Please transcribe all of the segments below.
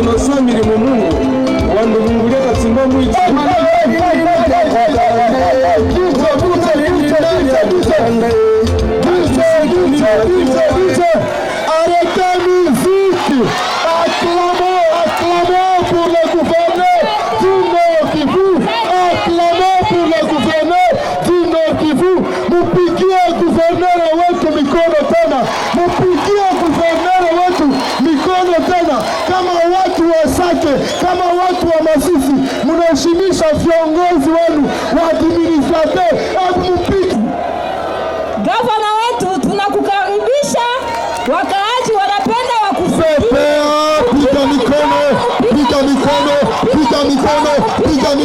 inosa mirimo Mungu wandugungulia katimba mwitu areta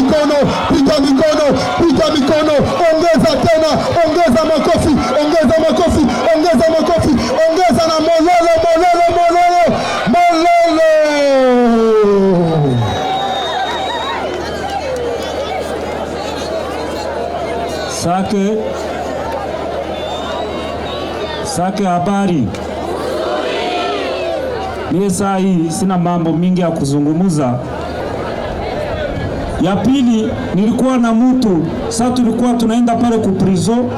mikono, piga mikono, piga mikono, ongeza tena, ongeza makofi, ongeza makofi, ongeza makofi, ongeza na molele, molele, molele, molele. Sake Sake, habari. Mie saa hii sina mambo mingi ya kuzungumuza. Ya pili nilikuwa na mtu sasa, tulikuwa tunaenda pale ku prison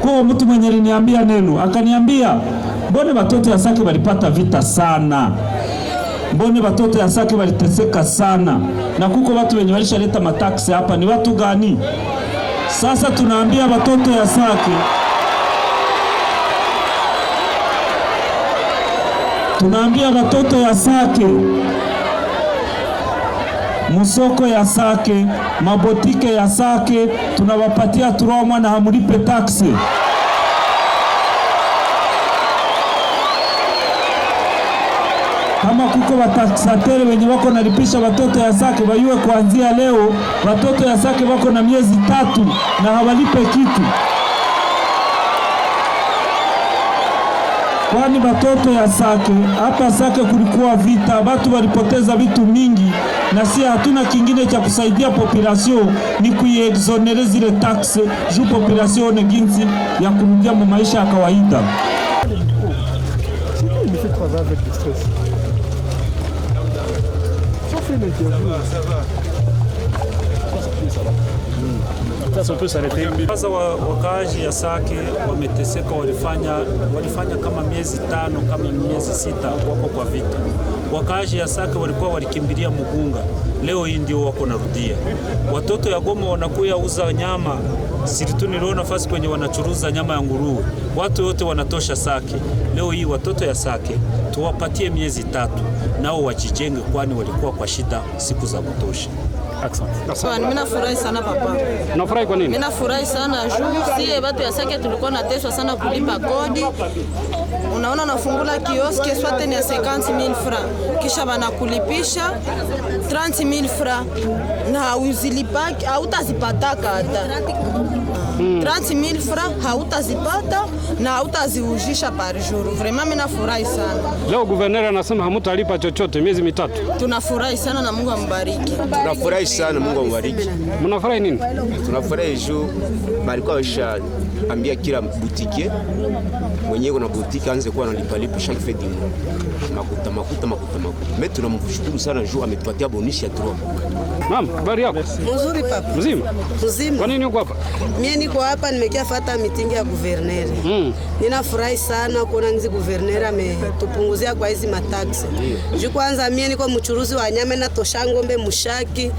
kwa mtu mwenye aliniambia neno, akaniambia mbone watoto ya Sake walipata vita sana, mbone watoto ya Sake waliteseka sana, na kuko watu wenye walishaleta mataksi hapa. Ni watu gani? Sasa tunaambia watoto ya Sake tunaambia watoto ya Sake musoko ya Sake, mabotike ya Sake tunawapatia turomwa na hamulipe taksi. Kama kuko wataksateri wenye wako nalipisha watoto ya Sake wayuwe kuanzia leo, watoto ya Sake wako na miezi tatu na hawalipe kitu, kwani watoto ya Sake hapa Sake kulikuwa vita, batu walipoteza vitu mingi na si hatuna kingine cha kusaidia population ni kuiexonere zile taxe ju population one ginsi ya kurudia mu maisha ya kawaida. sasa sarete. Sasa wa, wakaaji ya Sake wameteseka, walifanya walifanya kama miezi tano kama miezi sita wako kwa vita. Wakaaji ya Sake walikuwa walikimbilia Mugunga, leo hii ndio wako narudia. Watoto ya Goma wanakuya uza nyama siritu, nilio nafasi kwenye wanachuruza nyama ya nguruwe, watu wote wanatosha Sake. Leo hii watoto ya Sake tuwapatie miezi tatu, nao wajijenge, kwani walikuwa kwa shida siku za kutosha. Asante. Mimi nafurahi sana papa. Unafurahi kwa nini? Mimi nafurahi sana juu sie watu ya Sake tulikuwa nateswa sana kulipa kodi. Unaona, unafungula kioski swate ni 50000 francs. Kisha banakulipisha 30000 francs na uzilipaki hautazipataka hata 30000 hmm. francs hautazipata na hautaziujisha par jour. Vraiment mimi nafurahi sana leo. gouverneur anasema hamutalipa chochote miezi mitatu. Tunafurahi sana na Mungu ambariki. Tunafurahi sana Mungu ambariki. Mnafurahi nini? Tunafurahi juu balikuwa washa ambia kila butike mwenye kuna butike anze kuwa analipa analipalipa chaque fête du mois. Makuta makuta makuta makuta. Mimi tunamshukuru sana juu ametupatia bonus ya 3. Mama Habari yako? Mzuri papa. Mzima? Mzima. Kwa nini uko hapa? Mimi niko hapa nimekiafuata mitingi ya guverneri. Mm. Ninafurahi sana kuona nzi guverneri ametupunguzia kwa hizi mataksi. Mm. Juu kwanza mimi niko mchuruzi wa nyama na tosha ngombe mushaki.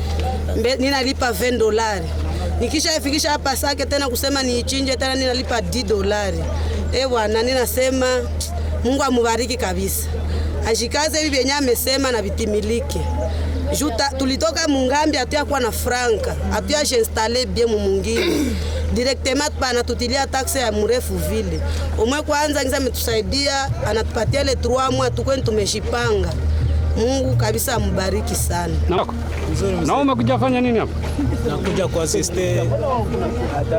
Mbe, ninalipa 20 dolari. Nikisha ifikisha hapa Sake tena kusema niichinje tena ninalipa 10 dolari. Eh, bwana ninasema Mungu amubariki kabisa. Ashikaze hivi vyenye amesema na vitimilike. Juta, tulitoka mungambi hatuyakuwa na franka hatuyajenstale bie mumungini direktema anatutilia taxe ya murefu vile umwe kwanza ngiza metusaidia anatupatia le trois mois tukweni tumeshipanga. Mungu kabisa amubariki sana. Mzuri mzuri. Na umekuja fanya nini hapa? Nakuja kuasist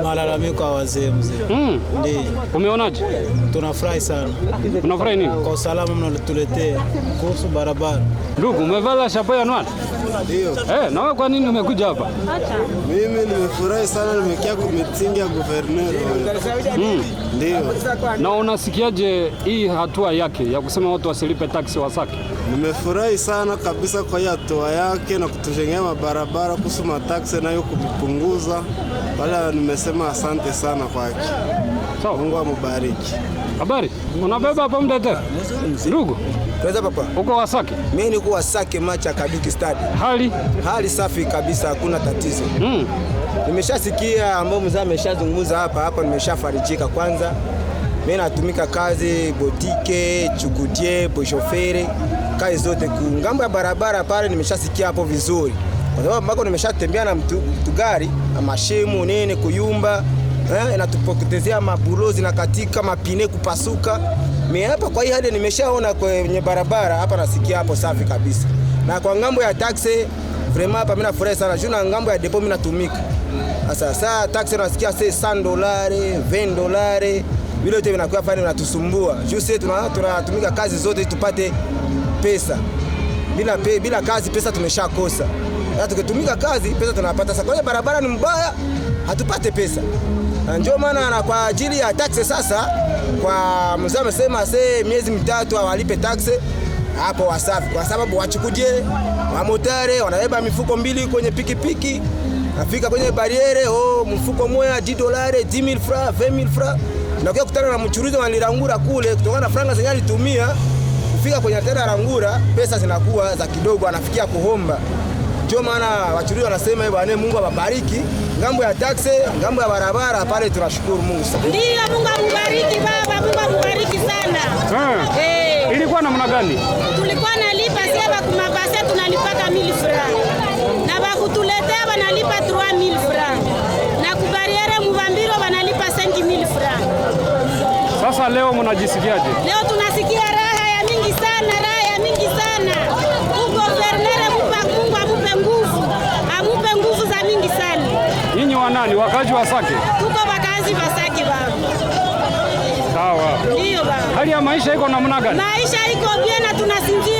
malalamiko ya wazee mzee. Mm. Ndio. Umeonaje? Tunafurahi sana. Unafurahi nini? Kwa usalama mnatuletea kuhusu barabara. Ndugu, umevala shapo ya noir? Ndio. Eh, na wewe kwa nini umekuja hapa? Acha. Mimi nimefurahi sana nimekia kumitingi ya governor. Mm. Ndio. Na unasikiaje hii hatua yake ya kusema watu wasilipe taksi Wasake? Nimefurahi sana kabisa kwa hiyo hatua yake na kutushangilia kutengeneza barabara, kuhusu mataksi nayo kupunguza. pale, nimesema asante sana kwake. Sawa. Mungu amubariki. Habari? Unabeba hapo mtete? Ndugu. Tuweza papa. Uko Wasake? Mimi niko Wasake macha Kaduki Stadi. Hali? Hali safi kabisa, hakuna tatizo. Mm. Nimeshasikia ambao mzee ameshazungumza hapa hapa, nimeshafarijika kwanza. Mimi natumika kazi botike, chukutie, boshofere kazi zote ngambo ya barabara pale, nimeshasikia hapo vizuri, kwa sababu ambako nimeshatembea na mtu, mtu gari na mashemu nene kuyumba eh, inatupotezea mabulozi na katika mapine kupasuka. Mimi hapa kwa hii hali nimeshaona kwenye barabara hapa, nasikia hapo safi kabisa. Na kwa ngambo ya taxi vraiment hapa mimi nafurahi sana juu na ngambo ya depo mimi natumika sasa. Sasa taxi nasikia sasa 100 dolari 20 dolari, vile yote vinakuwa fani vinatusumbua juu sisi tunatumika kazi zote tupate pesa. Bila pe, bila kazi pesa tumeshakosa. Na tukitumika kazi pesa tunapata. Sasa kwa barabara ni mbaya, hatupate pesa. Ndio maana kwa ajili ya taksi sasa kwa mzee amesema se miezi mitatu awalipe taksi hapo Wasafi, kwa sababu wachukuje wamotare wanabeba mifuko mbili kwenye pikipiki, nafika kwenye bariere oh, mfuko moja di dolare 10000 francs 20000 francs, na kwa kutana na mchuruzi wanilangura kule kutokana na franga zenye alitumia kufika kwenye tenda la ngura pesa zinakuwa za kidogo, anafikia kuhomba. Ndio maana wachuruzi wanasema hivyo, bwana Mungu awabariki ngambo ya taxi, ngambo ya barabara pale. Tunashukuru Mungu sana, ndio Mungu akubariki baba, Mungu akubariki sana. Ah, eh, ilikuwa namna gani? Tulikuwa nalipa sasa kwa mabasi tunalipaka mili francs na bakutuletea wanalipa 3000 francs na kubariere muvambiro wanalipa 5000 francs. Sasa leo mnajisikiaje? Leo tunasikia kuwa na raya mingi sana. Guvernere mupe Mungu amupe nguvu, amupe nguvu za mingi sana. Nyinyi wanani wakazi wa Sake? Tuko wakazi wa Sake baba. Sawa. Ndio baba. Hali ya maisha iko namna gani? Maisha iko vyema tunasinzia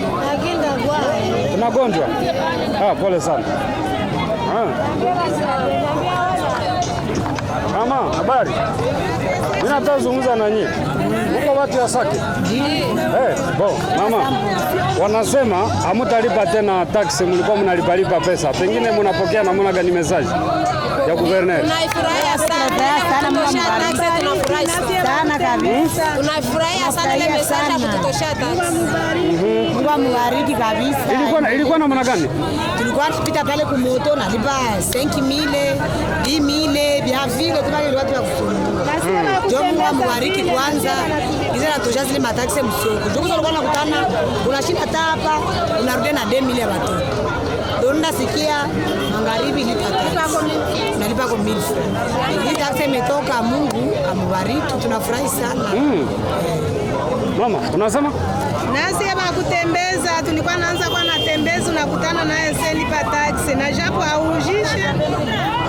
Unagonjwa? Ah, pole sana. Ah. Mama, habari? Mimi nataka kuzungumza na nyinyi. huko watu ya Sake? Eh, bo, mama. Wanasema hamtalipa tena taksi, mlikuwa mnalipalipa pesa. Pengine mnapokea namna gani message ya governor? Tunaifurahia sana sana kabisa, tunafurahia sana ile message ya kututoshea taksi. Mungu ambariki mhm. kabisa. Ilikuwa ilikuwa namna gani? Tulikuwa tupita pale kumoto na lipa 5000 10000 vya vile tunalikuwa tunakusumbua. Mhm. Ndio Mungu ambariki kwanza. Hizo natosha zile mataksi msoko. Ndio kwa sababu unakutana unashinda hapa unarudi na 2000 ya watoto. Onda sikia magharibi nalipa kwa milfu. Hii taksi imetoka, Mungu amubariki, tunafurahi sana. Mm. Mama, unasema? Nasema kutembeza, tulikuwa naanza kwa natembeza, unakutana naye selipa taksi na japo auujisha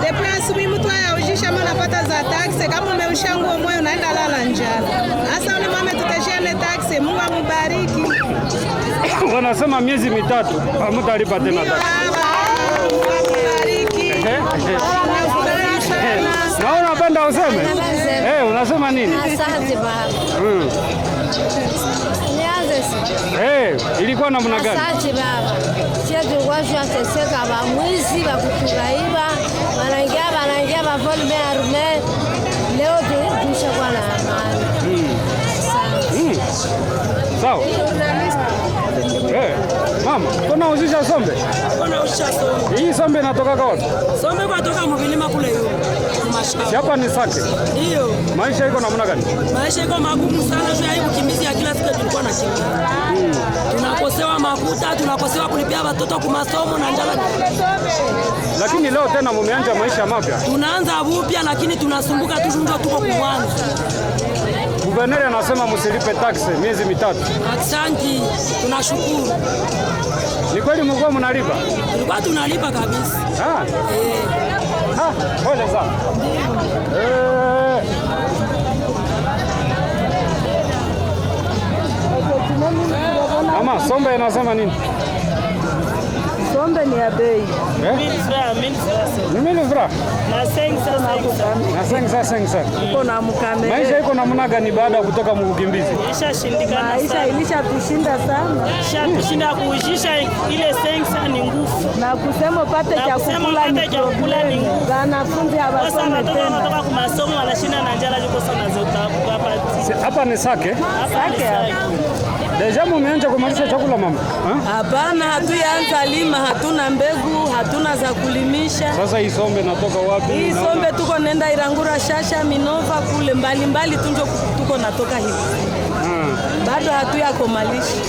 depuis asubuhi, mtu ujisha mwana pata za taksi, kama umeusha nguo moyo unaenda lala njala. Hasa ni mama, ne taksi, Mungu amubariki. Wanasema miezi mitatu hamtalipa tena taksi. Naona unapenda useme, eh, unasema nini? Hmm. Eh, ilikuwa namna gani? Tulikuwa tunateseka, ba mwizi ba kutuiba, wanaingia wanaingia ba voli ba Sawa. Eh, mama, kuna uzisha sombe? Kuna uzisha sombe. Hii sombe inatoka kwa wapi? Sombe kwa toka mvilima kule hiyo. Si hapa ni Sake. Ndio. Maisha iko namna gani? Maisha iko magumu sana sio hivi kimizi ya kila siku tulikuwa na shida. Hmm. Tunakosewa mafuta, tunakosewa kulipia watoto kwa masomo na njala. Lakini leo tena mumeanza maisha mapya. Tunaanza upya lakini tunasumbuka tu ndio tuko kwanza. Guverner anasema msilipe taksi miezi mitatu. Asante, tunashukuru. Ni kweli mlikuwa mnalipa? Tulikuwa tunalipa kabisa. Ah. Eh. Ah, pole sana. Eh. Mama, somba anasema nini? Sombe ni ya bei. Eh? Maisha iko namna gani baada ya kutoka mukimbizi? Maisha ilishatushinda sana. Na kusema pate chakula ni nguvu. Wanafunzi hawasomi tena. hapa. Hapa ni Sake. Sake. Deja mumeanja kumalisha chakula mama? Hapana, hatuyaanza lima, hatuna mbegu, hatuna za kulimisha. Sasa isombe natoka wapi? Isombe tuko nenda Irangura, Shasha, Minova kule mbalimbali tunjo tuko natoka hivi. Hmm. Bado hatuyakomalisha.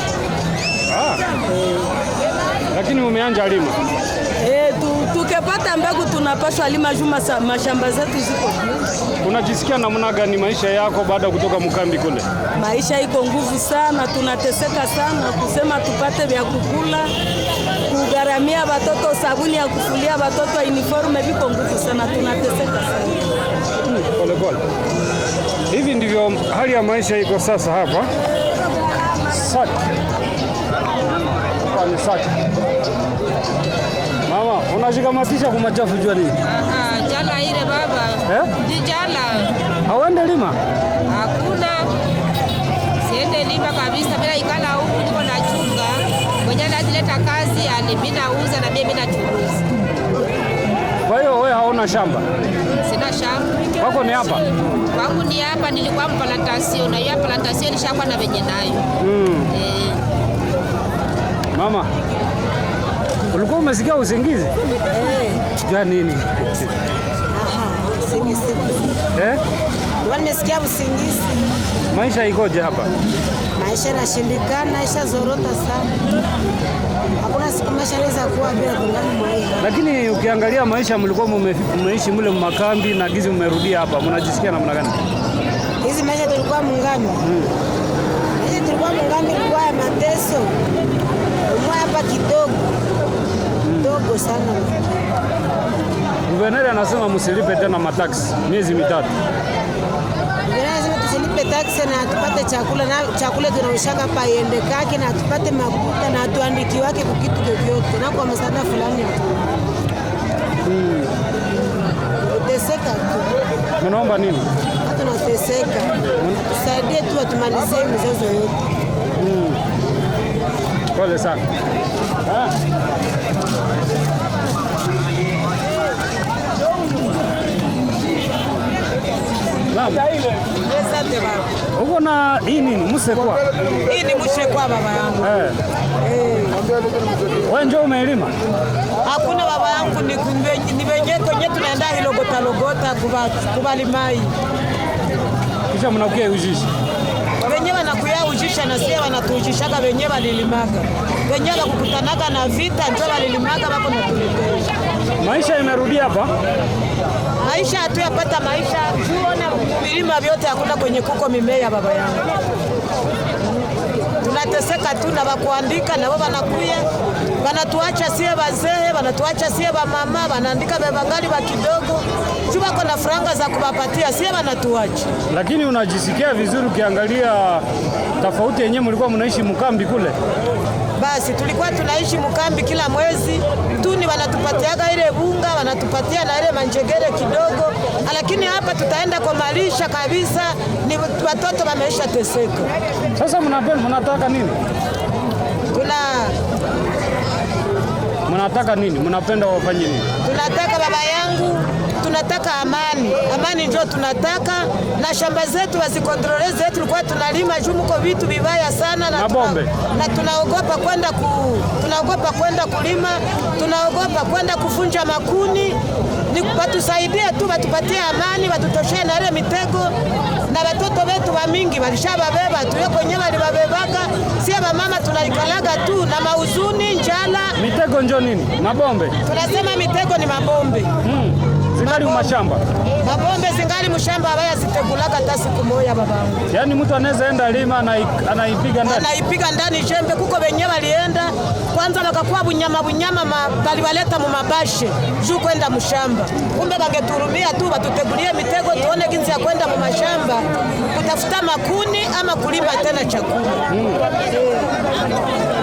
Ah. Eh lakini mumeanja lima e, eh, tu, tukepata mbegu tunapaswa lima juma sa, mashamba zetu ziko. Unajisikia namna gani maisha yako baada ya kutoka mkambi kule? Maisha iko nguvu sana, tunateseka sana kusema tupate vya kukula, kugharamia watoto sabuni ya kufulia watoto uniforme, viko nguvu sana, tunateseka sana hmm, pole pole. Hivi ndivyo hali ya maisha iko sasa hapa Saki ni safi. Mama, kwa machafu jua nini? Aha, jala ile baba. Eh? Jala. Hauende lima? Hakuna. Siende lima kabisa. Bila ikala huku niko na chunga. Mwenye asileta kazi ali mimi nauza na mimi nachunguza. Kwa hiyo wewe hauna shamba? Sina shamba. Wako ni hapa? Wangu ni hapa nilikuwa mpalantasio na hiyo plantation ilishakuwa na venye nayo. Mm. Eh. Mama, ulikuwa umesikia usingizi? Eh. Ja nini? Aha, usingizi. Eh? Ndio nimesikia usingizi. Maisha ikoje hapa? Maisha yanashindikana, isha zorota sana. Hakuna siku maisha inaweza kuwa bila kungani maisha. Lakini ukiangalia maisha mlikuwa mmeishi mule makambi na gizi mmerudia hapa, mnajisikia namna gani? Hizi maisha tulikuwa mungani. Hmm. Maisha tulikuwa mungano kwa mateso hapa kidogo kidogo sana. Guverneri anasema msilipe tena mataksi miezi mitatu. Lazima tusilipe na tupate chakula na chakula tunaoshaka hapa kake na tupate makuta na tuandiki wake kwa kitu chochote na kwa msaada fulani. Hmm. Uteseka tu. Mnaomba nini? Tunateseka. Tusaidie tu atumalizie mzozo yote. Hmm. Pole sana. Uko na hii nini musekwa? Hii ni musekwa baba yangu. Eh. Eh. Wewe ndio umeelima? Hakuna baba yangu ni ni wenyewe kwenye tunaenda hilo gota logota kubali mai. Kisha mnakuja ujishi wenyewe na kuyaujisha na sie wanatuujishaga wenyewe walilimaga wenyewe wakukutanaga na vita njo walilimaga wako na maisha imerudi hapa maisha hatuyapata maisha tuona vilima vyote hakuna kwenye kuko mimea baba yangu tunateseka tu na wakuandika navo wanakuya wanatuacha sie wazee wanatuacha sie wamama wanaandika vevangali wa kidogo jubako na franga za kubapatia sie banatuache. Lakini unajisikia vizuri ukiangalia tofauti yenye mlikuwa mnaishi mkambi kule? Basi tulikuwa tunaishi mkambi, kila mwezi tuni wanatupatiaga ile bunga, wanatupatia na ile manjegere kidogo, lakini hapa tutaenda kwa malisha kabisa, ni watoto wameisha teseka. Sasa mnapenda mnataka nini? Kuna mnataka nini? Mnapenda wafanye nini? Tunataka baba yangu tunataka amani, amani ndio tunataka, na shamba zetu wazikontrole zetu, tulikuwa tunalima juu vitu vibaya sana na tuna, na tunaogopa kwenda ku, tunaogopa kwenda kulima, tunaogopa kwenda kufunja makuni. Ni watusaidie tu, watupatie amani, watutoshee na ile mitego na watoto wetu wa mingi walishababeba tuyo kwenye walibabebaka. Sie mama tunaikalaga tu na mauzuni, njala. Mitego njo nini? Mabombe tunasema mitego ni mabombe, hmm zingali mashamba mapombe zingali mshamba ambaye asitegulaka hata siku moja babangu. Yani mtu anaweza enda lima anaipiga ndani. Anaipiga ndani jembe kuko wenyewe walienda kwanza wakakuwa bunyama bunyama baliwaleta mu mabashe juu kwenda mshamba. Kumbe bangeturumia tu batutegulie mitego tuone kinzi ya kwenda mu mashamba kutafuta makuni ama kulima tena chakula. Hmm. Eh.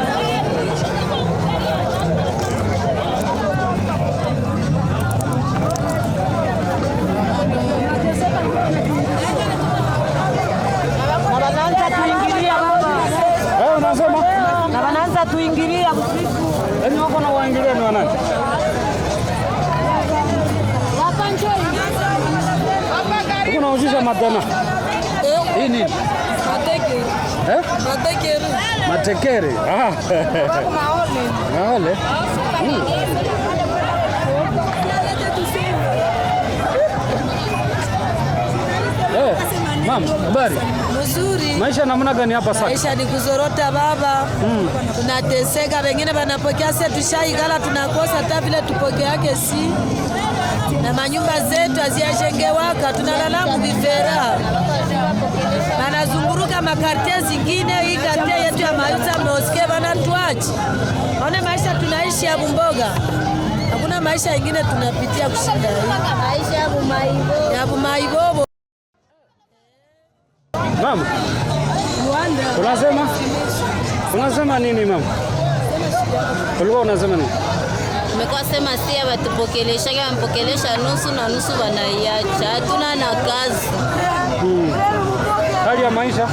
Yaani wako na waingilia ni wanani? Unauzisha madana hii nini? Eh? Matekere ah. hmm. oh, mama, habari mzuri. Maisha namna gani hapa sasa? Maisha ni kuzorota baba, mm. Tunateseka, wengine wanapokea sisi tushaigala, tunakosa hata vile yake si na manyumba zetu haziyajengewaka, tunalala mvifera, wanazunguruka makarte zingine. Hii karte yetu ya Mayuta moske wanatuachi aone, maisha tunaishi ya bumboga hakuna maisha ingine tunapitia kushinda ya bumaibo. Mama, Rwanda. unasema unasema nini mama? Ulikuwa unasema nini? Nimekuwa sema si watupokelesha, mpokelesha nusu na nusu wanaiacha. Hatuna na kazi. Hmm. Hali ya maisha?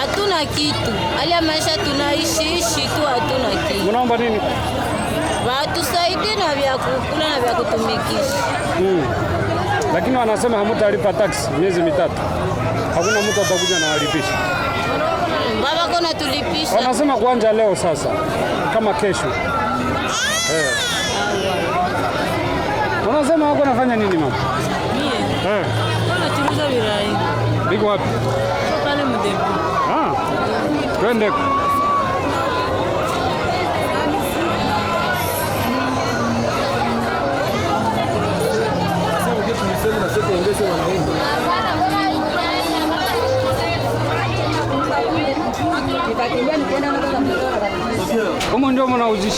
Hatuna kitu. Hali ya maisha tunaishi ishi tu, hatuna kitu. Unaomba nini? Watusaidie na vya kukula na vya kutumikisha. Hmm. Lakini wanasema hamutalipa taksi miezi mitatu hakuna mtu atakuja na walipisha. Baba kona tulipisha. Wanasema kuanja leo sasa kama kesho. Ah! Eh. Wanasema wako nafanya nini mama? Mie. Eh. Kona tuliza virai. Biko wapi? Kwa Pale mdepo. Ah. Twende.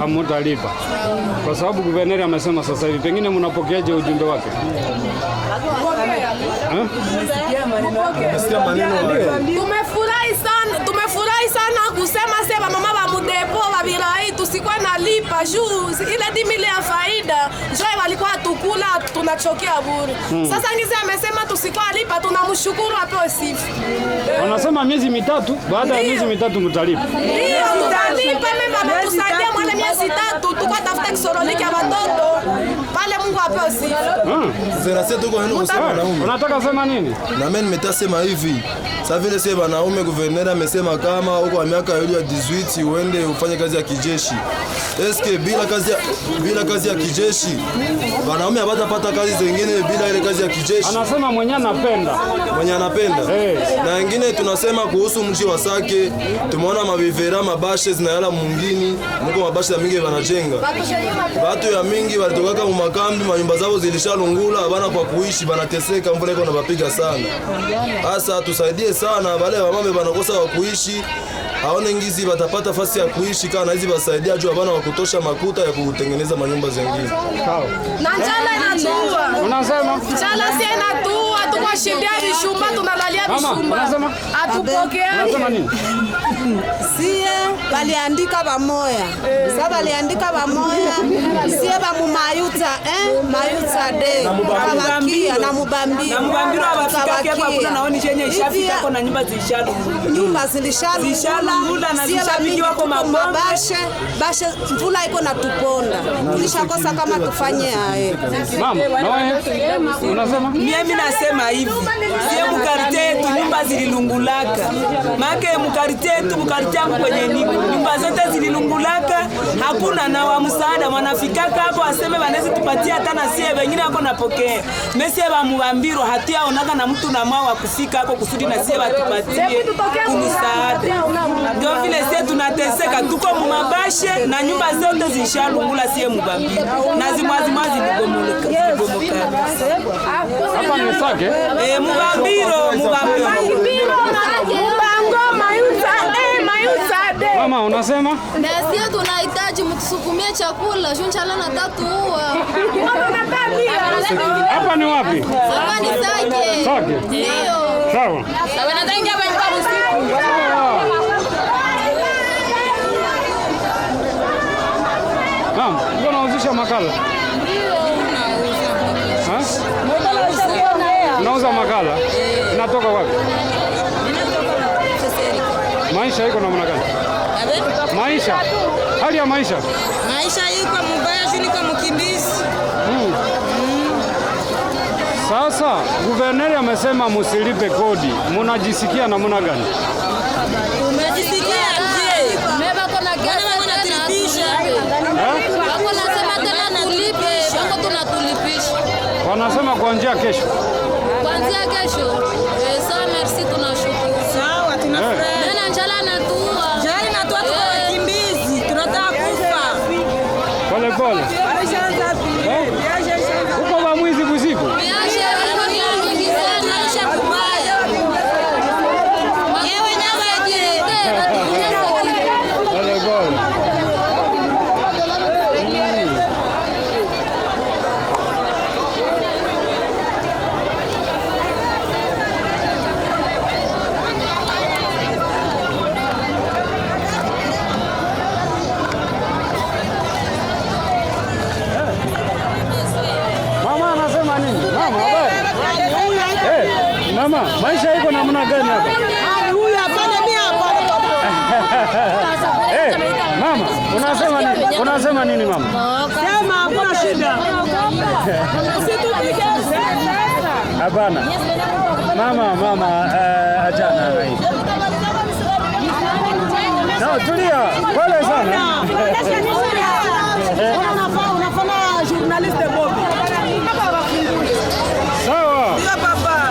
hamutalipa, kwa sababu guverneri amesema sasa hivi. Pengine mnapokeaje ujumbe wake? Umesikia maneno juu ile dimile ya faida njo walikuwa tukula tunachokea bure hmm. Sasa ngizi amesema tusikolipa, tunamshukuru apewe sifa. Wanasema miezi mitatu, baada ya miezi mitatu mtalipa. Ndio mtalipa, mimi baba tusaidia mwana miezi tatu, tuko tafuta kisoroliki ya watoto pale, Mungu apewe sifa. Hmm. Eh, unataka sema nini? Na mimi nimetasema hivi sasa vile sasa wanaume, guvernera amesema kama uko miaka ya 18 uende ufanye kazi ya kijeshi. Eske bila kazi ya, bila kazi ya kijeshi wanaume hawatapata kazi zingine bila ile kazi ya kijeshi. Anasema mwenye anapenda mwenye anapenda hey. Na wengine tunasema kuhusu mji wa Sake, tumeona mavivera mabashe zinayala mungini, mko mabashe ya mingi wanajenga watu ya mingi walitokaka mumakambi, manyumba zao zilishalungula, bana kwa kuishi banateseka, mvula iko mapiga sana. Hasa tusaidie sana, wale wamame wanakosa wa kuishi aone ngizi batapata fasi ya kuishi, kana hizi basaidia juu abana wakutosha makuta ya kutengeneza manyumba zengine. Na njala inatua, unasema njala si inatua, tuko shidia vishumba, tunalalia vishumba, atupokea sie baliandika vamoya sa baliandika vamoya sie vamumayuta eh? mayuta de kabakia na mubambiro nyumba zilishalungula sie mingi wako mabashe bashe, mvula iko natuponda, tulishakosa kama tufanye hayo. Mimi nasema hivi sie mukarite yetu nyumba zililungulaka, make mukarite yetu mukarite yangu kwenye niko nyumba zote zililungulaka, hakuna na wa msaada mwanafikaka hapo aseme wanaweza tupatia hata na sie wengine wako napokea mesie hatia onaka na mtu mwa wa kufika hapo kusudi na sie watupatie kumsaada ndio vile sie tunateseka, tuko mumabashe na nyumba zote zishalungula, sie mubambili na zimwazimwa zilibomoleka mubambiro mubambiro Mama, unasema? Ndio, tunahitaji mtusukumie chakula. Junja lana tatu huwa. Hapa ni wapi? Hapa ni Sake. Sake. Ndio. Sawa. Sawa, nadhani hapa ni kwa usiku. umeanzisha makala? Ndio, unauza. Ha? Unauza makala. Inatoka wapi? Maisha iko namna gani? Maisha, hali ya maisha, maisha iko mbaya, juu niko mkimbizi. hmm. hmm. Sasa guverneri amesema musilipe kodi, munajisikia namna gani? Wanasema kuanzia kesho, kuanzia kesho. Eh, sawa, merci, tunashukuru. Sawa, tunafurahi. Eh. Tena njala natua, njala natua, tuko eh. wakimbizi, tunataka kufa pole pole. Mama, maisha iko namna gani hapa? Hey, eh, mama, unasema nini? Unasema nini mama? Sema hakuna shida. Hapana. Mama, mama, eh, achana na hii. Sawa, tulia. Pole sana. Unafanya journalist Bob. Sawa. Ndio baba.